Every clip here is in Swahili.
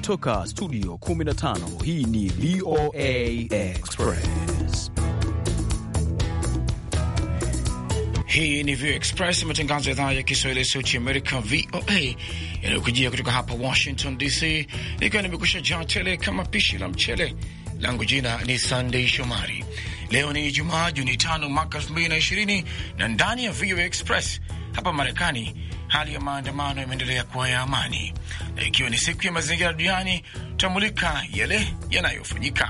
Kutoka studio 15 hii ni VOA Express. Hii ni VOA Express, matangazo ya idhaa ya Kiswahili ya sauti Amerika, VOA, yanayokujia kutoka hapa Washington DC, ikiwa nimekusha jaa tele kama pishi la mchele langu. Jina ni Sandei Shomari. Leo ni Ijumaa, Juni tano mwaka 220 na ndani ya VOA Express hapa Marekani hali ya maandamano imeendelea kuwa ya amani, na ikiwa ni siku ya mazingira duniani, tutamulika yale yanayofanyika.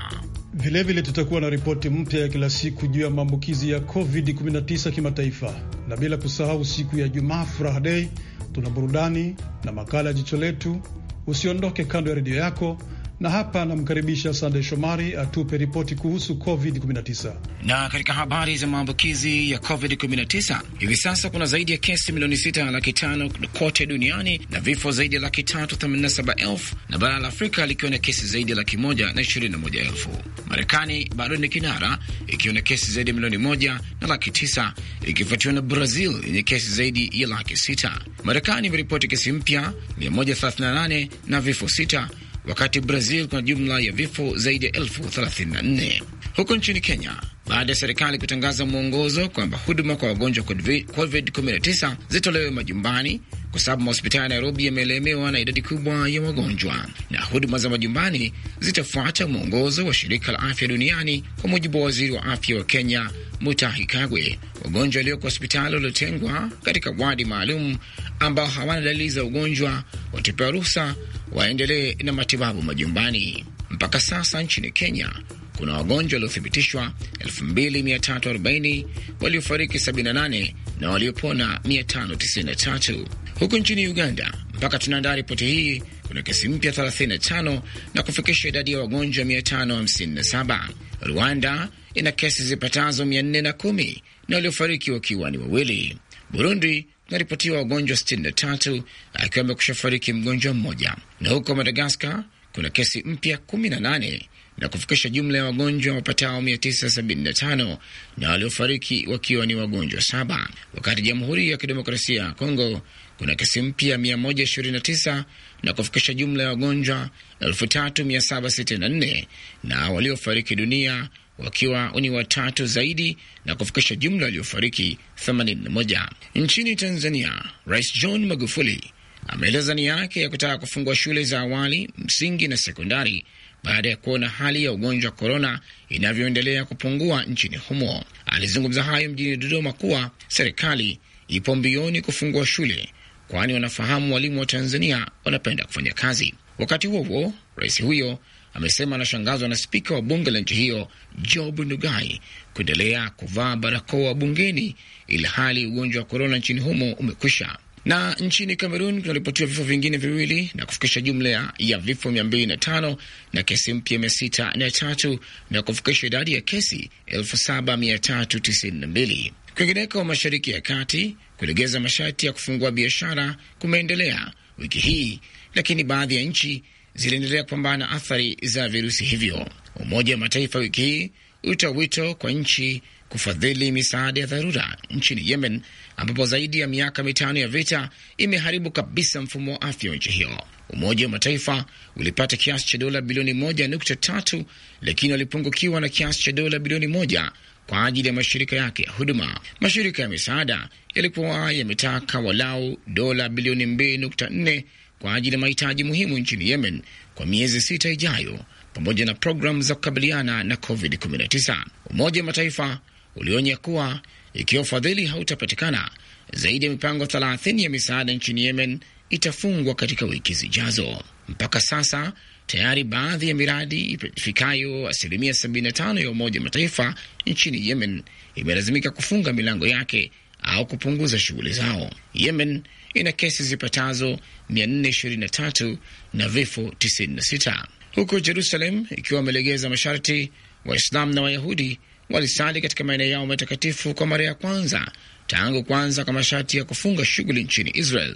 Vilevile tutakuwa na ripoti mpya ya kila siku juu ya maambukizi ya COVID-19 kimataifa, na bila kusahau siku ya Jumaa furaha dei, tuna burudani na makala ya jicho letu. Usiondoke kando ya redio yako na hapa anamkaribisha Sandey Shomari atupe ripoti kuhusu COVID-19. Na katika habari za maambukizi ya COVID-19, hivi sasa kuna zaidi ya kesi milioni 6 laki tano kote duniani na vifo zaidi ya laki tatu themanini na saba elfu na bara la Afrika likiwa na kesi zaidi ya laki moja na ishirini na moja elfu. Marekani bado ni kinara ikiwa na kesi zaidi ya milioni moja na laki tisa ikifuatiwa na Brazil yenye kesi zaidi ya laki sita. Marekani imeripoti kesi mpya 138 na vifo sita wakati Brazil kuna jumla ya vifo zaidi ya elfu 34. Huko nchini Kenya baada ya serikali kutangaza mwongozo kwamba huduma kwa wagonjwa COVID-19 zitolewe majumbani kwa sababu mahospitali ya Nairobi yamelemewa na idadi kubwa ya wagonjwa, na huduma za majumbani zitafuata mwongozo wa shirika la afya duniani, kwa mujibu wa waziri wa afya wa Kenya Mutahi Kagwe. Wagonjwa walioko hospitali waliotengwa katika wadi maalum ambao hawana dalili za ugonjwa watapewa ruhusa waendelee na matibabu majumbani. Mpaka sasa nchini Kenya kuna wagonjwa waliothibitishwa 2340 waliofariki 78 na waliopona 593. Huku nchini Uganda, mpaka tunaandaa ripoti hii, kuna kesi mpya 35 na kufikisha idadi ya wagonjwa 557. Rwanda ina kesi zipatazo 410 na waliofariki wakiwa ni wawili. Burundi kunaripotiwa wagonjwa 63 akiwa amekusha fariki mgonjwa mmoja, na huko Madagaskar kuna kesi mpya 18 na kufikisha jumla ya wagonjwa wapatao 975 na waliofariki wakiwa ni wagonjwa saba, wakati Jamhuri ya Kidemokrasia ya Kongo kuna kesi mpya 129 na kufikisha jumla ya wagonjwa 3764 na waliofariki dunia wakiwa ni watatu zaidi na kufikisha jumla waliofariki 81. Nchini Tanzania, Rais John Magufuli ameeleza nia yake ya kutaka kufungua shule za awali, msingi na sekondari baada ya kuona hali ya ugonjwa wa korona inavyoendelea kupungua nchini humo. Alizungumza hayo mjini Dodoma kuwa serikali ipo mbioni kufungua shule, kwani wanafahamu walimu wa Tanzania wanapenda kufanya kazi. Wakati huo huo, rais huyo amesema anashangazwa na spika wa bunge la nchi hiyo Job Ndugai kuendelea kuvaa barakoa bungeni, ili hali ugonjwa wa korona nchini humo umekwisha. Na nchini Kamerun kunaripotiwa vifo vingine viwili na kufikisha jumla ya vifo mia mbili na tano na kesi mpya mia sita na tatu na kufikisha idadi ya kesi elfu saba mia tatu tisini na mbili. Kwingineko, mashariki ya kati, kulegeza masharti ya kufungua biashara kumeendelea wiki hii, lakini baadhi ya nchi ziliendelea kupambana na athari za virusi hivyo. Umoja wa Mataifa wiki hii ulitoa wito kwa nchi kufadhili misaada ya dharura nchini Yemen ambapo zaidi ya miaka mitano ya vita imeharibu kabisa mfumo wa afya wa nchi hiyo. Umoja wa Mataifa ulipata kiasi cha dola bilioni moja nukta tatu lakini walipungukiwa na kiasi cha dola bilioni moja kwa ajili ya mashirika yake ya huduma. Mashirika ya misaada yalikuwa yametaka walau dola bilioni mbili nukta nne kwa ajili ya mahitaji muhimu nchini Yemen kwa miezi sita ijayo, pamoja na programu za kukabiliana na COVID-19. Umoja wa Mataifa ulionya kuwa ikiwa ufadhili hautapatikana, zaidi ya mipango 30 ya misaada nchini Yemen itafungwa katika wiki zijazo. Mpaka sasa tayari baadhi ya miradi ifikayo asilimia 75 ya Umoja wa Mataifa nchini Yemen imelazimika kufunga milango yake au kupunguza shughuli zao. Yemen ina kesi zipatazo 423 na vifo 96, huku Jerusalem ikiwa amelegeza masharti. Waislamu na Wayahudi walisali katika maeneo yao matakatifu kwa mara ya kwanza tangu kuanza kwa masharti ya kufunga shughuli nchini Israel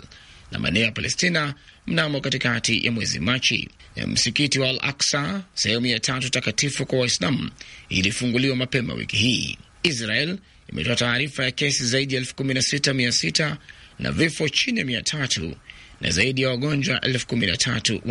na maeneo ya Palestina mnamo katikati ya mwezi Machi. msikiti wa Al Aksa, sehemu ya tatu takatifu kwa Waislamu, ilifunguliwa mapema wiki hii. Israel imetoa taarifa ya kesi zaidi ya elfu kumi na sita mia sita na vifo chini ya mia tatu na zaidi ya wagonjwa elfu kumi na tatu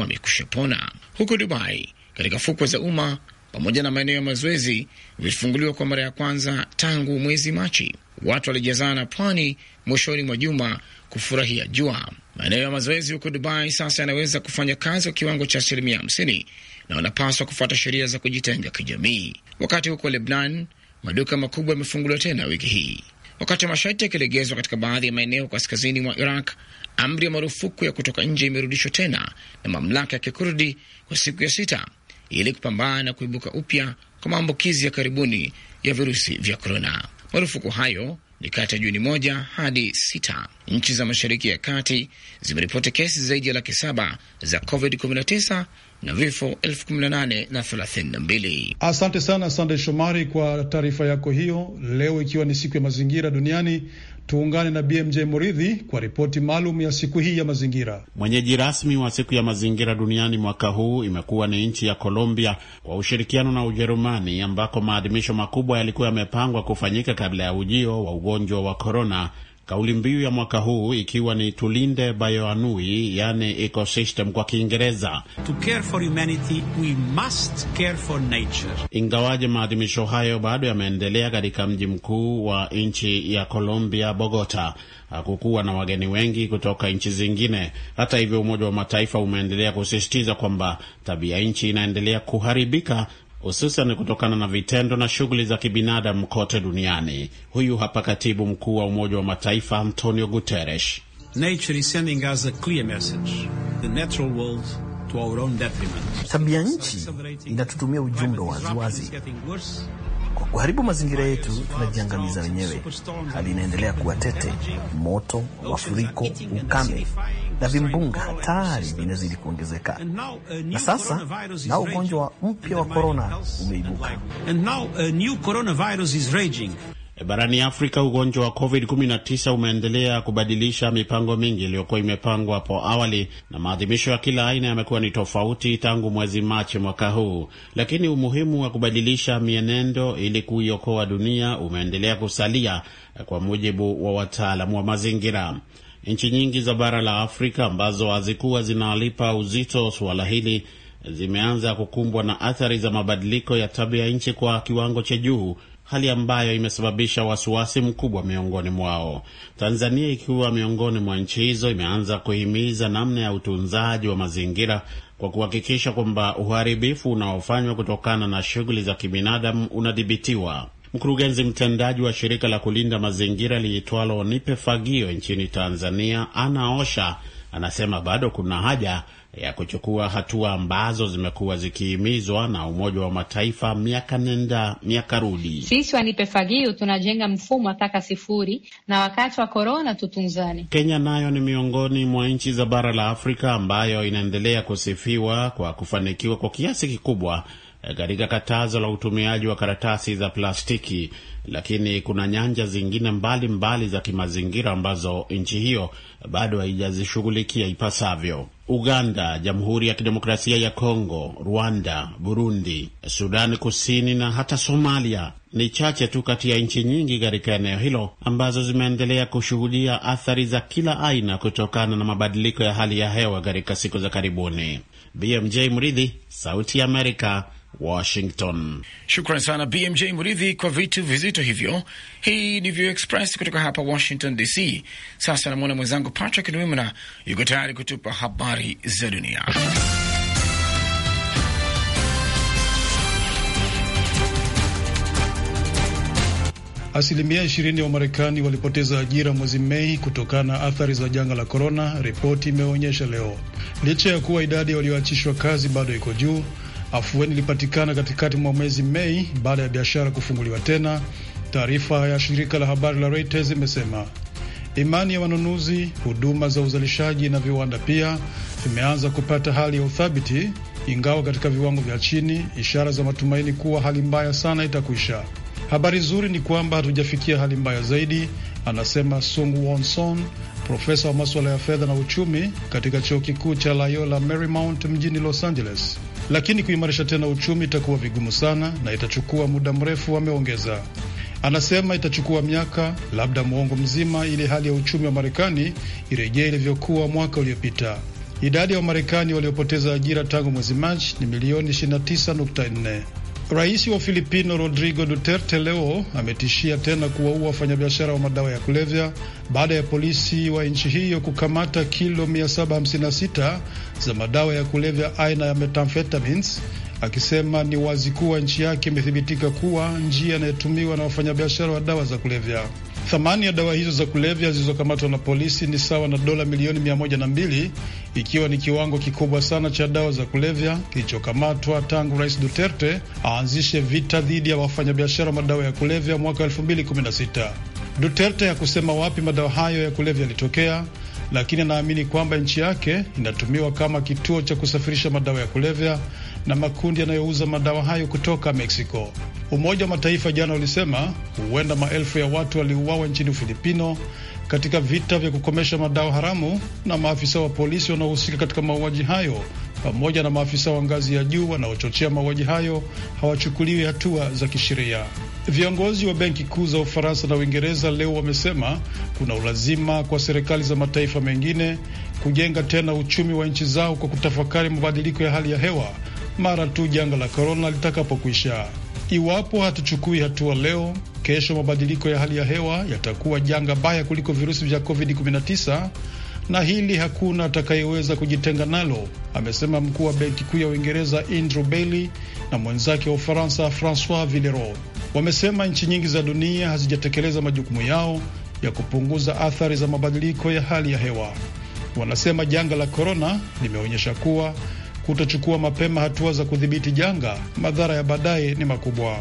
Huko Dubai, katika fukwe za umma pamoja na maeneo ya mazoezi vilifunguliwa kwa mara ya kwanza tangu mwezi Machi. Watu walijazana pwani mwishoni mwa juma kufurahia jua. Maeneo ya mazoezi huko Dubai sasa yanaweza kufanya kazi kwa kiwango cha asilimia hamsini na wanapaswa kufuata sheria za kujitenga kijamii. Wakati huko Lebnan maduka makubwa yamefunguliwa tena wiki hii, wakati masharti yakilegezwa katika baadhi ya maeneo kaskazini mwa Iraq. Amri ya marufuku ya kutoka nje imerudishwa tena na mamlaka ya Kikurdi kwa siku ya sita ili kupambana na kuibuka upya kwa maambukizi ya karibuni ya virusi vya korona. Marufuku hayo ni kati ya Juni moja hadi sita. Nchi za Mashariki ya Kati zimeripoti kesi zaidi ya laki saba za COVID-19 na vifo elfu kumi na nane na thelathini na mbili. Asante sana sandey Shomari kwa taarifa yako hiyo. Leo ikiwa ni siku ya mazingira duniani Tuungane na BMJ Muridhi kwa ripoti maalum ya siku hii ya mazingira. Mwenyeji rasmi wa siku ya mazingira duniani mwaka huu imekuwa ni nchi ya Colombia kwa ushirikiano na Ujerumani, ambako maadhimisho makubwa yalikuwa yamepangwa kufanyika kabla ya ujio wa ugonjwa wa korona Kauli mbiu ya mwaka huu ikiwa ni tulinde bayoanui, yani ecosystem kwa Kiingereza. Ingawaje maadhimisho hayo bado yameendelea katika mji mkuu wa nchi ya Colombia, Bogota, hakukuwa na wageni wengi kutoka nchi zingine. Hata hivyo, Umoja wa Mataifa umeendelea kusisitiza kwamba tabia nchi inaendelea kuharibika hususan kutokana na vitendo na shughuli za kibinadamu kote duniani. Huyu hapa katibu mkuu wa Umoja wa Mataifa Antonio Guterres. Tabia nchi inatutumia ujumbe waziwazi kwa kuharibu mazingira yetu tunajiangamiza wenyewe. Hali inaendelea kuwa tete, moto, mafuriko, ukame na vimbunga hatari vinazidi kuongezeka. Uh, na sasa na ugonjwa mpya wa korona umeibuka. Uh, Barani Afrika, ugonjwa wa COVID-19 umeendelea kubadilisha mipango mingi iliyokuwa imepangwa hapo awali, na maadhimisho ya kila aina yamekuwa ni tofauti tangu mwezi Machi mwaka huu, lakini umuhimu wa kubadilisha mienendo ili kuiokoa dunia umeendelea kusalia, kwa mujibu wa wataalamu wa mazingira. Nchi nyingi za bara la Afrika ambazo hazikuwa zinalipa uzito suala hili zimeanza kukumbwa na athari za mabadiliko ya tabia nchi kwa kiwango cha juu hali ambayo imesababisha wasiwasi mkubwa miongoni mwao. Tanzania ikiwa miongoni mwa nchi hizo imeanza kuhimiza namna ya utunzaji wa mazingira kwa kuhakikisha kwamba uharibifu unaofanywa kutokana na shughuli za kibinadamu unadhibitiwa. Mkurugenzi mtendaji wa shirika la kulinda mazingira liitwalo Nipe Fagio nchini Tanzania, Ana Osha, anasema bado kuna haja ya kuchukua hatua ambazo zimekuwa zikihimizwa na Umoja wa Mataifa miaka nenda miaka rudi. Sisi wanipe fagio tunajenga mfumo ataka sifuri, na wakati wa korona tutunzane. Kenya nayo ni miongoni mwa nchi za bara la Afrika ambayo inaendelea kusifiwa kwa kufanikiwa kwa kiasi kikubwa katika katazo la utumiaji wa karatasi za plastiki, lakini kuna nyanja zingine mbalimbali mbali za kimazingira ambazo nchi hiyo bado haijazishughulikia ipasavyo. Uganda, Jamhuri ya Kidemokrasia ya Kongo, Rwanda, Burundi, Sudani Kusini na hata Somalia ni chache tu kati ya nchi nyingi katika eneo hilo ambazo zimeendelea kushuhudia athari za kila aina kutokana na mabadiliko ya hali ya hewa katika siku za karibuni. BMJ Mridhi, Sauti ya Amerika, Washington. Shukran sana BMJ Muridhi kwa vitu vizito hivyo. Hii ni View Express kutoka hapa Washington DC. Sasa namwona mwenzangu Patrick Nwimana yuko tayari kutupa habari za dunia. Asilimia 20 ya Wamarekani walipoteza ajira mwezi Mei kutokana na athari za janga la korona, ripoti imeonyesha leo. Licha ya kuwa idadi ya walioachishwa kazi bado iko juu, Afueni ilipatikana katikati mwa mwezi Mei baada ya biashara kufunguliwa tena. Taarifa ya shirika la habari la Reuters imesema imani ya wanunuzi, huduma za uzalishaji na viwanda pia vimeanza kupata hali ya uthabiti, ingawa katika viwango vya chini, ishara za matumaini kuwa hali mbaya sana itakwisha. Habari nzuri ni kwamba hatujafikia hali mbaya zaidi, anasema Sung Wonson, profesa wa maswala ya fedha na uchumi katika chuo kikuu cha Loyola Marymount mjini Los Angeles lakini kuimarisha tena uchumi itakuwa vigumu sana na itachukua muda mrefu, wameongeza. Anasema itachukua miaka, labda mwongo mzima, ili hali ya uchumi wa Marekani irejee ilivyokuwa mwaka uliopita. Idadi ya Wamarekani waliopoteza ajira tangu mwezi Machi ni milioni 29.4. Rais wa Filipino Rodrigo Duterte leo ametishia tena kuwaua wafanyabiashara wa madawa ya kulevya baada ya polisi wa nchi hiyo kukamata kilo 756 za madawa ya kulevya aina ya methamphetamines, akisema ni wazi kuwa nchi yake imethibitika kuwa njia inayotumiwa na wafanyabiashara wa dawa za kulevya. Thamani ya dawa hizo za kulevya zilizokamatwa na polisi ni sawa na dola milioni mia moja na mbili ikiwa ni kiwango kikubwa sana cha dawa za kulevya kilichokamatwa tangu Rais Duterte aanzishe vita dhidi ya wafanyabiashara wa madawa ya kulevya mwaka 2016. Duterte hakusema wapi madawa hayo ya kulevya yalitokea, lakini anaamini kwamba nchi yake inatumiwa kama kituo cha kusafirisha madawa ya kulevya na makundi yanayouza madawa hayo kutoka Meksiko. Umoja wa Mataifa jana ulisema huenda maelfu ya watu waliuawa nchini Ufilipino katika vita vya kukomesha madawa haramu, na maafisa wa polisi wanaohusika katika mauaji hayo pamoja na maafisa wa ngazi ya juu wanaochochea mauaji hayo hawachukuliwi hatua za kisheria. Viongozi wa benki kuu za Ufaransa na Uingereza leo wamesema kuna ulazima kwa serikali za mataifa mengine kujenga tena uchumi wa nchi zao kwa kutafakari mabadiliko ya hali ya hewa mara tu janga la korona litakapokwisha. Iwapo hatuchukui hatua leo, kesho mabadiliko ya hali ya hewa yatakuwa janga baya kuliko virusi vya COVID-19 na hili hakuna atakayeweza kujitenga nalo, amesema mkuu wa benki kuu ya Uingereza Andrew Bailey na mwenzake wa Ufaransa Francois Villeroy. Wamesema nchi nyingi za dunia hazijatekeleza majukumu yao ya kupunguza athari za mabadiliko ya hali ya hewa. Wanasema janga la korona limeonyesha kuwa Kutochukua mapema hatua za kudhibiti janga, madhara ya baadaye ni makubwa.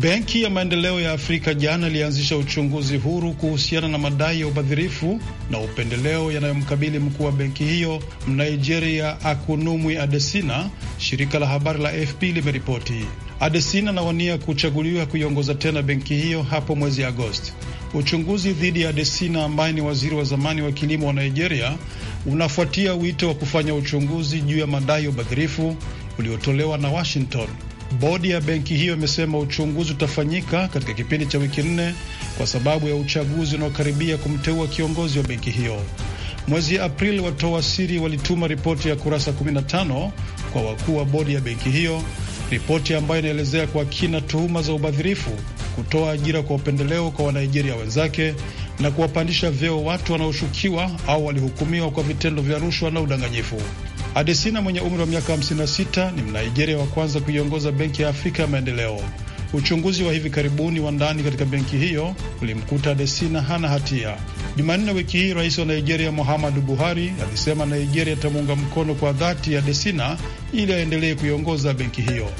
Benki ya Maendeleo ya Afrika jana ilianzisha uchunguzi huru kuhusiana na madai ya ubadhirifu na upendeleo yanayomkabili mkuu wa benki hiyo Mnigeria Akunumwi Adesina, shirika la habari la AFP limeripoti. Adesina anawania kuchaguliwa kuiongoza tena benki hiyo hapo mwezi Agosti. Uchunguzi dhidi ya Adesina ambaye ni waziri wa zamani wa kilimo wa Nigeria unafuatia wito wa kufanya uchunguzi juu ya madai ya ubadhirifu uliotolewa na Washington. Bodi ya benki hiyo imesema uchunguzi utafanyika katika kipindi cha wiki nne kwa sababu ya uchaguzi unaokaribia kumteua kiongozi wa benki hiyo. Mwezi Aprili, watoa siri walituma ripoti ya kurasa 15 kwa wakuu wa bodi ya benki hiyo, ripoti ambayo inaelezea kwa kina tuhuma za ubadhirifu kutoa ajira kwa upendeleo kwa Wanaijeria wenzake na kuwapandisha vyeo watu wanaoshukiwa au walihukumiwa kwa vitendo vya rushwa na udanganyifu. Adesina mwenye umri wa miaka 56 ni Mnaijeria wa kwanza kuiongoza Benki ya Afrika ya Maendeleo. Uchunguzi wa hivi karibuni wa ndani katika benki hiyo ulimkuta Adesina hana hatia. Jumanne wiki hii, rais wa Nigeria Muhammadu Buhari alisema Nigeria itamuunga mkono kwa dhati Adesina ili aendelee kuiongoza benki hiyo.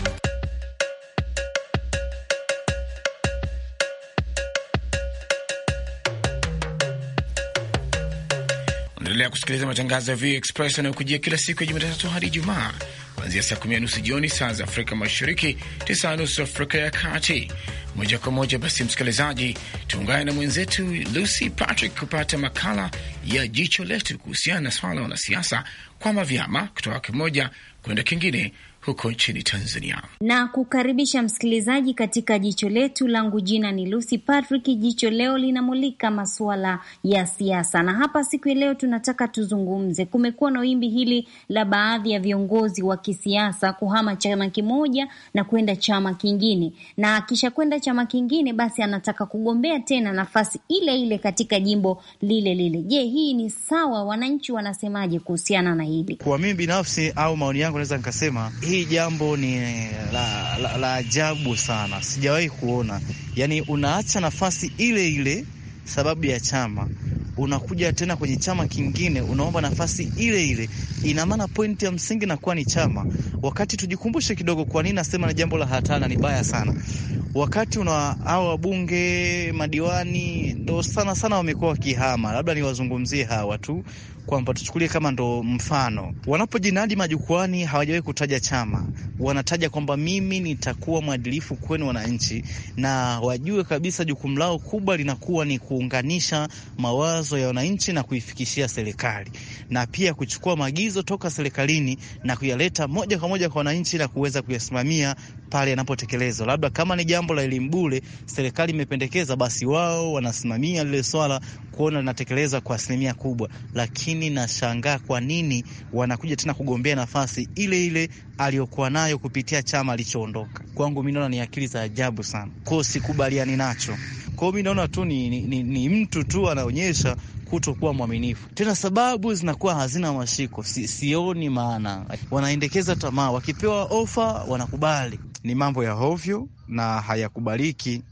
Unaendelea kusikiliza matangazo ya VOA Express yanayokujia kila siku ya Jumatatu hadi Ijumaa, kuanzia saa kumi na nusu jioni saa za Afrika Mashariki, tisa na nusu Afrika ya Kati. Moja kwa moja basi, msikilizaji, tuungane na mwenzetu Lucy Patrick kupata makala ya jicho letu kuhusiana na swala la wanasiasa kwama vyama kutoka kimoja kwenda kingine huko nchini Tanzania. Na kukaribisha msikilizaji katika jicho letu, langu jina ni Lucy Patrick. Jicho leo linamulika masuala ya siasa, na hapa siku ya leo tunataka tuzungumze. Kumekuwa na wimbi hili la baadhi ya viongozi wa kisiasa kuhama chama kimoja na kwenda chama kingine, na akisha kwenda chama kingine, basi anataka kugombea tena nafasi ile ile katika jimbo lile lile. Je, hii ni sawa? Wananchi wanasemaje kuhusiana na hili? Kwa mimi binafsi au maoni yangu, naweza nikasema hii jambo ni la, la, la ajabu sana, sijawahi kuona. Yaani unaacha nafasi ile ile sababu ya chama, unakuja tena kwenye chama kingine unaomba nafasi ile ile. Ina maana pointi ya msingi nakuwa ni chama, wakati tujikumbushe kidogo, kwa nini nasema na jambo la hatari ni baya sana wakati una hao wabunge madiwani ndo sana sana wamekuwa wakihama. Labda niwazungumzie hawa tu kwamba tuchukulie kama ndo mfano, wanapojinadi majukwani hawajawahi kutaja chama, wanataja kwamba mimi nitakuwa mwadilifu kwenu wananchi, na wajue kabisa jukumu lao kubwa linakuwa ni kuunganisha mawazo ya wananchi na kuifikishia serikali, na pia kuchukua maagizo toka serikalini na kuyaleta moja kwa moja kwa wananchi na kuweza kuyasimamia pale yanapotekelezwa, labda kama ni jambo la elimu bure, serikali imependekeza basi wao wanasimamia lile swala kuona linatekeleza kwa asilimia kubwa, lakini nashangaa kwa nini wanakuja tena kugombea nafasi ile ile aliyokuwa nayo kupitia chama alichoondoka. Kwangu mi naona ni akili za ajabu sana, kwao sikubaliani nacho. Kwao mi naona tu ni, ni, ni, ni mtu tu anaonyesha kutokuwa mwaminifu tena, sababu zinakuwa hazina mashiko. Si, sioni maana wanaendekeza tamaa, wakipewa ofa wanakubali ni mambo ya hovyo na hayakubaliki.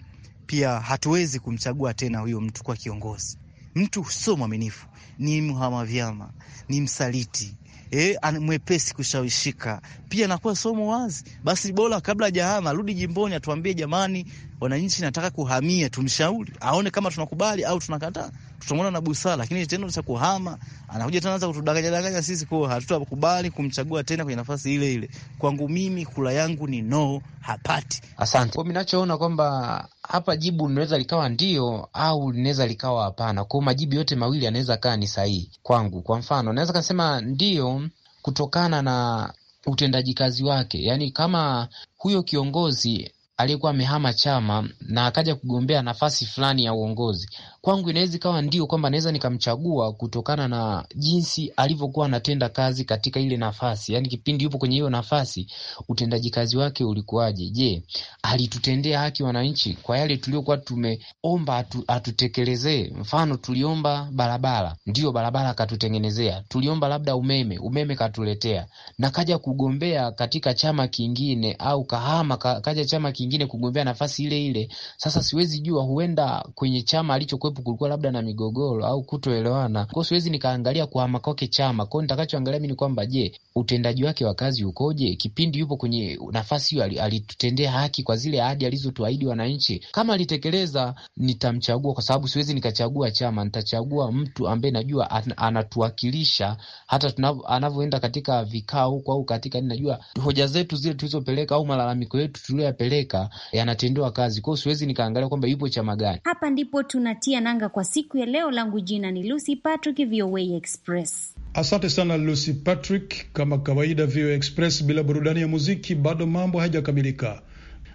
Pia hatuwezi kumchagua tena huyo mtu kwa kiongozi. Mtu sio mwaminifu, ni mhama vyama, ni msaliti E, mwepesi kushawishika pia nakuwa somo wazi. Basi bora kabla jahama rudi jimboni, atuambie jamani, wananchi nataka kuhamia, tumshauri aone kama tunakubali au tunakataa tutamwona na busara, lakini kitendo cha kuhama anakuja tena anza kutudanganya danganya sisi, kwa hatutakubali kumchagua tena kwenye nafasi ile ile. Kwangu mimi kula yangu ni no, hapati. Asante. Kwa ninachoona kwamba hapa jibu linaweza likawa ndio au linaweza likawa hapana. Kwa majibu yote mawili anaweza kaa ni sahihi kwangu. Kwa mfano, naweza kasema ndio kutokana na utendaji kazi wake, yani kama huyo kiongozi aliyekuwa amehama chama na akaja kugombea nafasi fulani ya uongozi, kwangu inaweza ikawa ndio kwamba naweza nikamchagua kutokana na jinsi alivyokuwa anatenda kazi katika ile nafasi, yani kipindi yupo kwenye hiyo nafasi, utendaji kazi wake ulikuwaje? Je, alitutendea haki wananchi kwa yale tuliokuwa tumeomba atu, atutekelezee? Mfano, tuliomba barabara, ndio barabara akatutengenezea. Tuliomba labda umeme, umeme katuletea, na kaja kugombea katika chama kingine au kahama kaja chama kingine kingine kugombea nafasi ile ile. Sasa siwezi jua, huenda kwenye chama alichokuwepo kulikuwa labda na migogoro au kutoelewana, kwa siwezi nikaangalia kuhama kwake chama kwao. Nitakachoangalia mimi ni kwamba, je, utendaji wake wa kazi ukoje? Kipindi yupo kwenye nafasi hiyo alitutendea haki kwa zile ahadi alizotuahidi wananchi? Kama alitekeleza, nitamchagua kwa sababu siwezi nikachagua chama, nitachagua mtu ambaye najua anatuwakilisha hata anavyoenda katika vikao huko au katika, ninajua hoja zetu zile tulizopeleka au malalamiko yetu tuliyoyapeleka husika yanatendewa kazi kwao. Siwezi nikaangalia kwamba yupo chama gani. Hapa ndipo tunatia nanga kwa siku ya leo. Langu jina ni Lucy Patrick, VOA Express. Asante sana Lucy Patrick. Kama kawaida, VOA Express bila burudani ya muziki bado mambo hayajakamilika.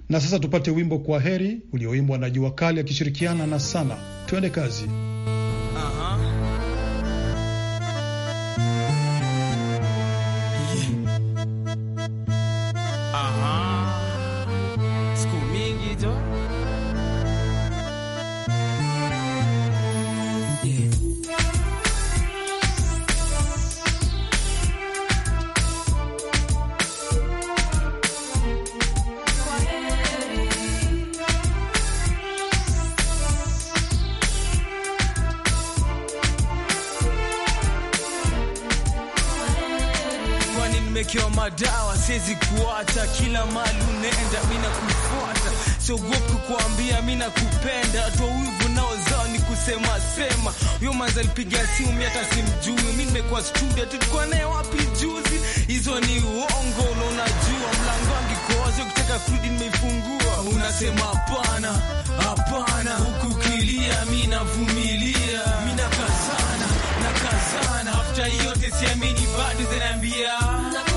Na sasa tupate wimbo kwa heri ulioimbwa na Jua Kali akishirikiana na Sana. Tuende kazi. madawa, siwezi kuacha, kila mali unaenda, mimi nakufuata, siogopi kuambia mimi nakupenda. Watu wivu nao zao ni kusema sema, huyo manza alipiga simu mimi hata simjui, mimi nimekuwa studio, tulikuwa naye wapi juzi? Hizo ni uongo, unajua mlango wangu koazo, ukitaka kurudi nimeifungua, unasema hapana, hapana, huku kilia, mi navumilia, mimi nakazana, nakazana, after yote siamini bado zinaambia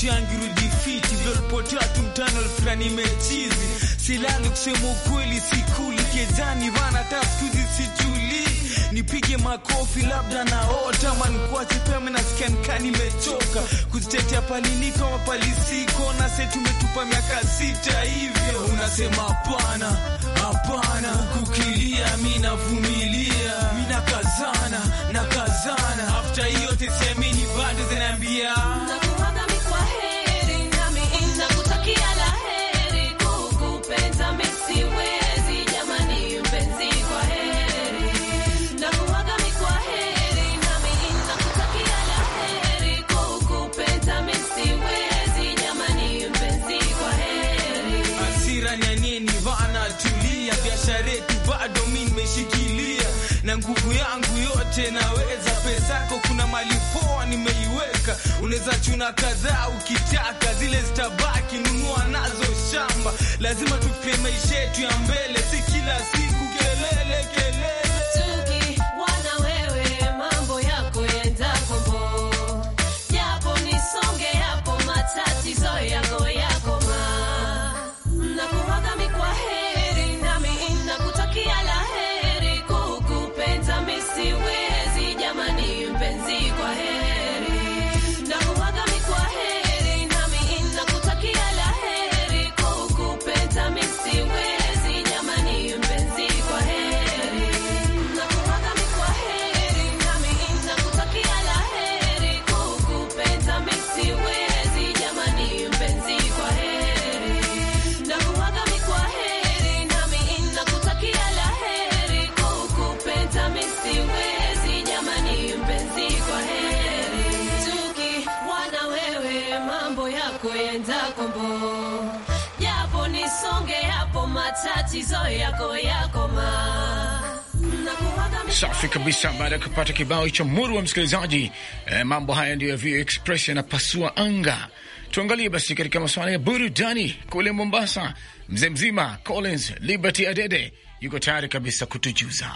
changi rudifichi zolpotatu mtano elfurani mechizi silali kusema ukweli sikuli kezani vana taskuzi sijuli nipige makofi labda na ota man naota manikwache pema nasikia nkani imechoka kuzitetea paliliko mapalisiko na se tumetupa miaka sita hivyo unasema hapana hapana kukilia mi navumilia mi nakazana nakazana after hiyo tesemini bado zinaambia jirani aniyenivaa anatulia, biashara yetu bado mi nimeshikilia na nguvu yangu yote naweza. Pesako kuna mali poa nimeiweka, unaweza chuna kadhaa ukitaka, zile zitabaki, nunua nazo shamba. Lazima tupie maisha yetu ya mbele, si kila siku kelele kelele Safi kabisa. Baada ya kupata kibao hicho muru wa msikilizaji, eh, mambo haya ndiyo ya VOA Express yanapasua anga. Tuangalie basi katika masuala ya burudani kule Mombasa, mzee mzima Collins Liberty Adede yuko tayari kabisa kutujuza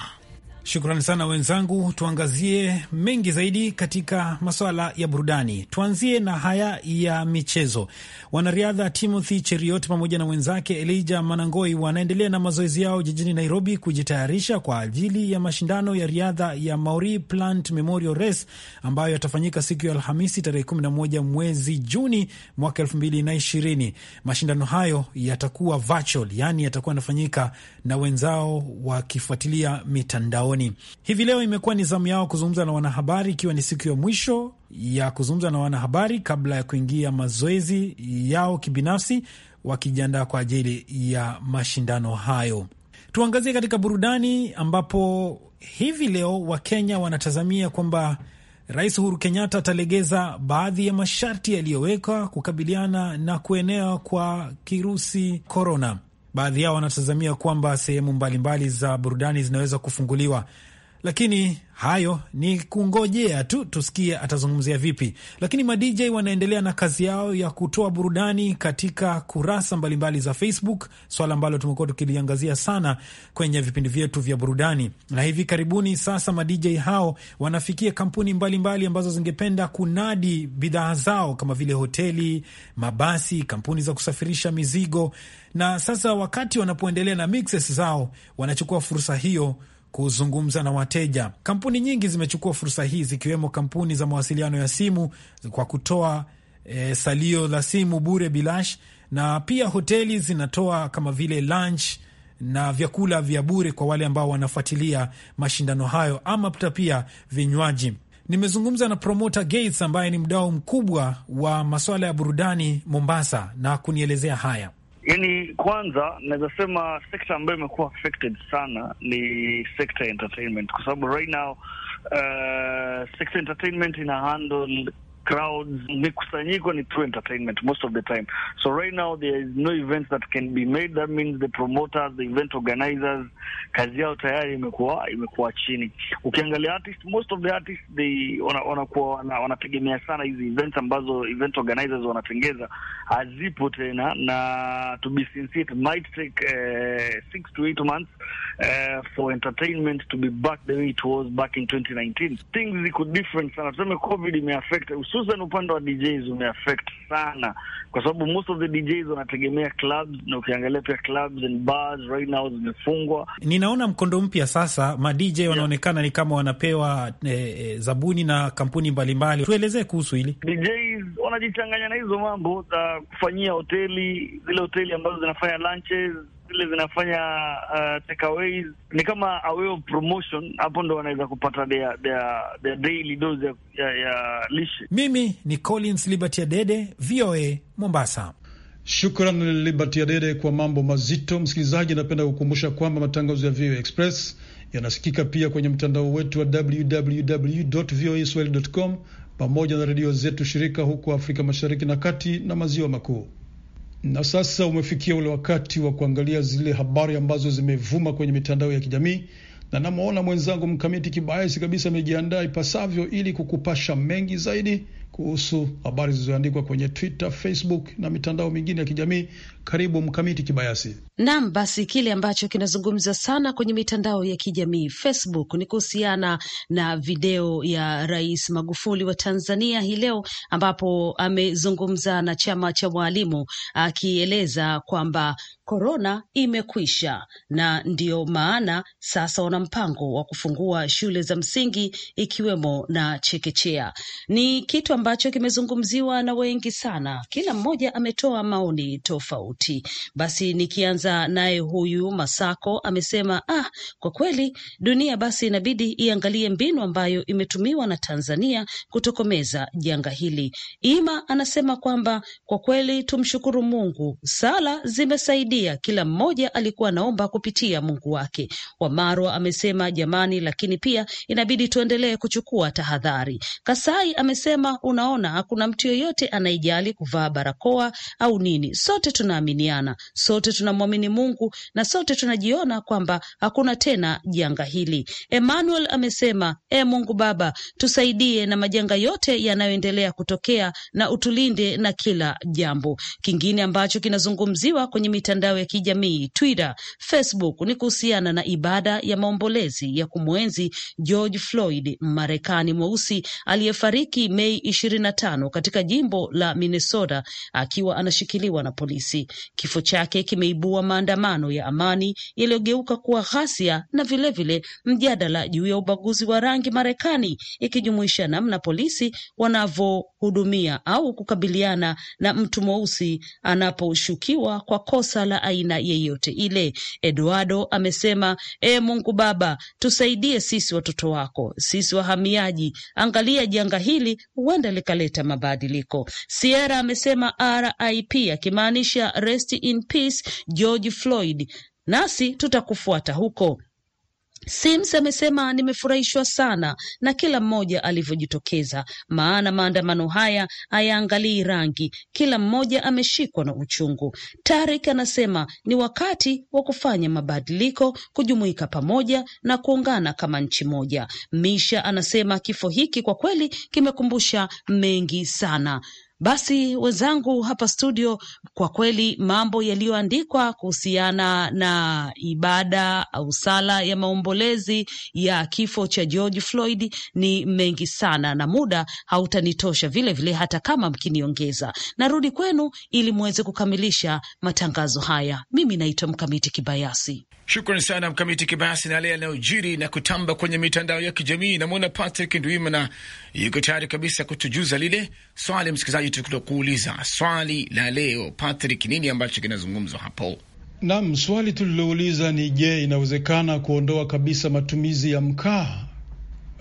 Shukrani sana wenzangu, tuangazie mengi zaidi katika masuala ya burudani. Tuanzie na haya ya michezo. Wanariadha Timothy Cheriot pamoja na wenzake Elijah Manangoi wanaendelea na mazoezi yao jijini Nairobi kujitayarisha kwa ajili ya mashindano ya riadha ya Maori Plant Memorial Race ambayo yatafanyika siku ya Alhamisi tarehe 11 mwezi Juni mwaka 220 Mashindano hayo yatakuwa virtual, yani yatakuwa yanafanyika na wenzao wakifuatilia mitandao ulimwenguni. Hivi leo imekuwa ni zamu yao kuzungumza na wanahabari, ikiwa ni siku ya mwisho ya kuzungumza na wanahabari kabla ya kuingia mazoezi yao kibinafsi, wakijiandaa kwa ajili ya mashindano hayo. Tuangazie katika burudani, ambapo hivi leo Wakenya wanatazamia kwamba Rais Uhuru Kenyatta atalegeza baadhi ya masharti yaliyowekwa kukabiliana na kuenea kwa kirusi korona. Baadhi yao wanatazamia kwamba sehemu mbalimbali za burudani zinaweza kufunguliwa lakini hayo ni kungojea tu tusikie atazungumzia vipi. Lakini madj wanaendelea na kazi yao ya kutoa burudani katika kurasa mbalimbali za Facebook, swala ambalo tumekuwa tukiliangazia sana kwenye vipindi vyetu vya burudani. Na hivi karibuni sasa madj hao wanafikia kampuni mbalimbali mbali ambazo zingependa kunadi bidhaa zao kama vile hoteli, mabasi, kampuni za kusafirisha mizigo. Na sasa wakati wanapoendelea na mixes zao, wanachukua fursa hiyo kuzungumza na wateja. Kampuni nyingi zimechukua fursa hii, zikiwemo kampuni za mawasiliano ya simu kwa kutoa e, salio la simu bure bilash, na pia hoteli zinatoa kama vile lunch na vyakula vya bure kwa wale ambao wanafuatilia mashindano hayo, ama pia vinywaji. Nimezungumza na Promota Gates ambaye ni mdau mkubwa wa masuala ya burudani Mombasa, na kunielezea haya. Yani kwanza naweza sema sekta ambayo imekuwa affected sana ni sekta ya entertainment, kwa sababu right now uh, sekta entertainment ina handle crowds mikusanyiko ni through entertainment most of the time so right now there is no events that can be made that means the promoters the event organizers kazi yao tayari imekuwa imekuwa chini ukiangalia artists most of the artists they wanakuwa wanategemea sana hizi events ambazo event organizers wanatengeza hazipo tena na to be sincere it might take uh, six to eight months uh, for entertainment to be back the way it was back in 2019 things ziko different sana tuseme covid imeaffect hususan upande wa DJs umeaffect sana, kwa sababu most of the DJs wanategemea clubs, na ukiangalia pia clubs and bars right now zimefungwa. Ninaona mkondo mpya sasa, ma DJ wanaonekana yeah, ni kama wanapewa e, zabuni na kampuni mbalimbali. Tuelezee kuhusu hili. DJs wanajichanganya na hizo mambo za kufanyia hoteli, zile hoteli ambazo zinafanya lunches zile zinafanya uh, takeaways ni kama a way of promotion. Hapo ndo wanaweza kupata their, their, their daily dose ya, ya, ya lishe. Mimi ni Collins Liberty Adede, VOA Mombasa. Shukran Liberty Adede kwa mambo mazito. Msikilizaji, napenda kukumbusha kwamba matangazo ya VOA Express yanasikika pia kwenye mtandao wetu wa www.voaswahili.com pamoja na redio zetu shirika huko Afrika Mashariki na Kati na Maziwa Makuu. Na sasa umefikia ule wakati wa kuangalia zile habari ambazo zimevuma kwenye mitandao ya kijamii, na namwona mwenzangu Mkamiti Kibayasi kabisa amejiandaa ipasavyo ili kukupasha mengi zaidi kuhusu habari zilizoandikwa kwenye Twitter, Facebook na mitandao mingine ya kijamii. Karibu Mkamiti Kibayasi. Naam, basi kile ambacho kinazungumza sana kwenye mitandao ya kijamii Facebook ni kuhusiana na video ya Rais Magufuli wa Tanzania hii leo, ambapo amezungumza na chama cha waalimu akieleza kwamba korona imekwisha, na ndiyo maana sasa wana mpango wa kufungua shule za msingi ikiwemo na chekechea. Ni kitu ambacho kimezungumziwa na wengi sana, kila mmoja ametoa maoni tofauti. Basi nikianza naye huyu Masako amesema ah, kwa kweli dunia basi inabidi iangalie mbinu ambayo imetumiwa na Tanzania kutokomeza janga hili. Ima anasema kwamba kwa kweli tumshukuru Mungu, sala zimesaidia kusaidia, kila mmoja alikuwa anaomba kupitia Mungu wake. Wamarwa amesema jamani, lakini pia inabidi tuendelee kuchukua tahadhari. Kasai amesema unaona, hakuna mtu yoyote anayejali kuvaa barakoa au nini, sote tunaaminiana, sote tunamwamini Mungu na sote tunajiona kwamba hakuna tena janga hili. Emmanuel amesema e Mungu Baba, tusaidie na majanga yote yanayoendelea kutokea na utulinde na kila jambo kingine ambacho kinazungumziwa kwenye mitandao mitandao ya kijamii Twitter, Facebook ni kuhusiana na ibada ya maombolezi ya kumwenzi George Floyd, marekani mweusi aliyefariki Mei 25 katika jimbo la Minnesota akiwa anashikiliwa na polisi. Kifo chake kimeibua maandamano ya amani yaliyogeuka kuwa ghasia na vilevile vile mjadala juu ya ubaguzi wa rangi Marekani, ikijumuisha namna polisi wanavyohudumia au kukabiliana na mtu mweusi anaposhukiwa kwa kosa la la aina yeyote ile. Eduardo amesema, E Mungu Baba, tusaidie sisi watoto wako, sisi wahamiaji. Angalia janga hili huenda likaleta mabadiliko. Sierra amesema RIP, akimaanisha rest in peace George Floyd, nasi tutakufuata huko. Sims amesema nimefurahishwa sana na kila mmoja alivyojitokeza, maana maandamano haya hayaangalii rangi, kila mmoja ameshikwa na uchungu. Tarik anasema ni wakati wa kufanya mabadiliko, kujumuika pamoja na kuungana kama nchi moja. Misha anasema kifo hiki kwa kweli kimekumbusha mengi sana. Basi wenzangu hapa studio, kwa kweli mambo yaliyoandikwa kuhusiana na ibada au sala ya maombolezi ya kifo cha George Floyd ni mengi sana, na muda hautanitosha vilevile, hata kama mkiniongeza. Narudi kwenu ili muweze kukamilisha matangazo haya. Mimi naitwa Mkamiti Kibayasi. Shukrani sana Mkamiti Kibayasi na yale yanayojiri na kutamba kwenye mitandao ya kijamii. Namwona Patrick Ndwimana yuko tayari kabisa kutujuza lile swali msikilizaji tukuuliza swali la leo. Patrick, nini ambacho kinazungumzwa hapo? Naam, swali tulilouliza ni je, inawezekana kuondoa kabisa matumizi ya mkaa?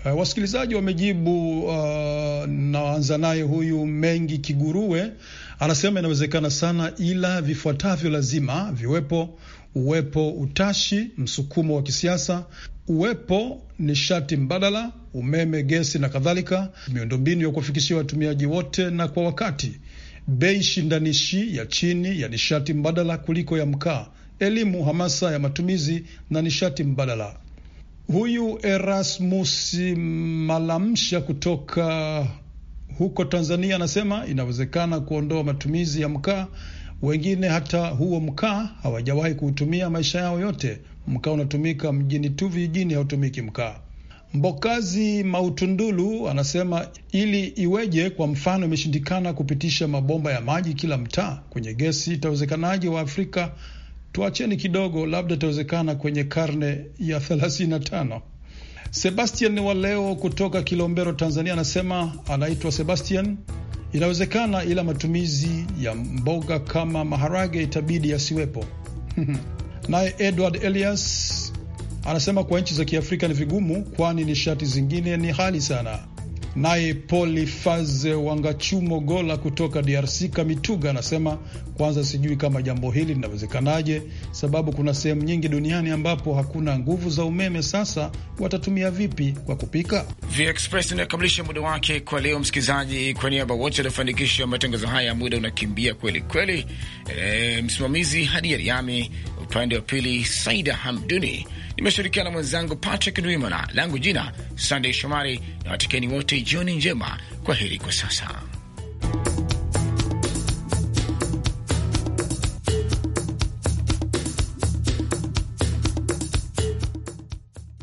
Uh, wasikilizaji wamejibu. Uh, naanza naye huyu Mengi Kiguruwe Anasema inawezekana sana, ila vifuatavyo lazima viwepo: uwepo utashi, msukumo wa kisiasa, uwepo nishati mbadala, umeme, gesi na kadhalika, miundombinu ya kuwafikishia watumiaji wote na kwa wakati, bei shindanishi ya chini ya nishati mbadala kuliko ya mkaa, elimu, hamasa ya matumizi na nishati mbadala. Huyu Erasmus Malamsha kutoka huko Tanzania anasema inawezekana kuondoa matumizi ya mkaa. Wengine hata huo mkaa hawajawahi kuutumia maisha yao yote. Mkaa unatumika mjini tu, vijijini hautumiki mkaa. Mbokazi Mautundulu anasema ili iweje? Kwa mfano, imeshindikana kupitisha mabomba ya maji kila mtaa. Kwenye gesi itawezekanaje? Wa Afrika tuacheni kidogo, labda itawezekana kwenye karne ya thelathini na tano. Sebastian wa leo kutoka Kilombero, Tanzania, anasema anaitwa Sebastian. Inawezekana, ila matumizi ya mboga kama maharage itabidi yasiwepo. Naye Edward Elias anasema kwa nchi za Kiafrika ni vigumu, kwani nishati zingine ni hali sana. Naye Polifaze Wangachumo Gola kutoka DRC Kamituga anasema kwanza, sijui kama jambo hili linawezekanaje, sababu kuna sehemu nyingi duniani ambapo hakuna nguvu za umeme. Sasa watatumia vipi kwa kupika? Via Express inakamilisha muda wake kwa leo. Msikilizaji, kwa niaba wote waliofanikisha matangazo haya, muda unakimbia kweli kweli. E, msimamizi Hadi Yariami, upande wa pili Saida Hamduni nimeshirikiana na mwenzangu Patrick Ndwimana, langu jina Sandey Shomari na watikeni wote, jioni njema, kwa heri kwa sasa.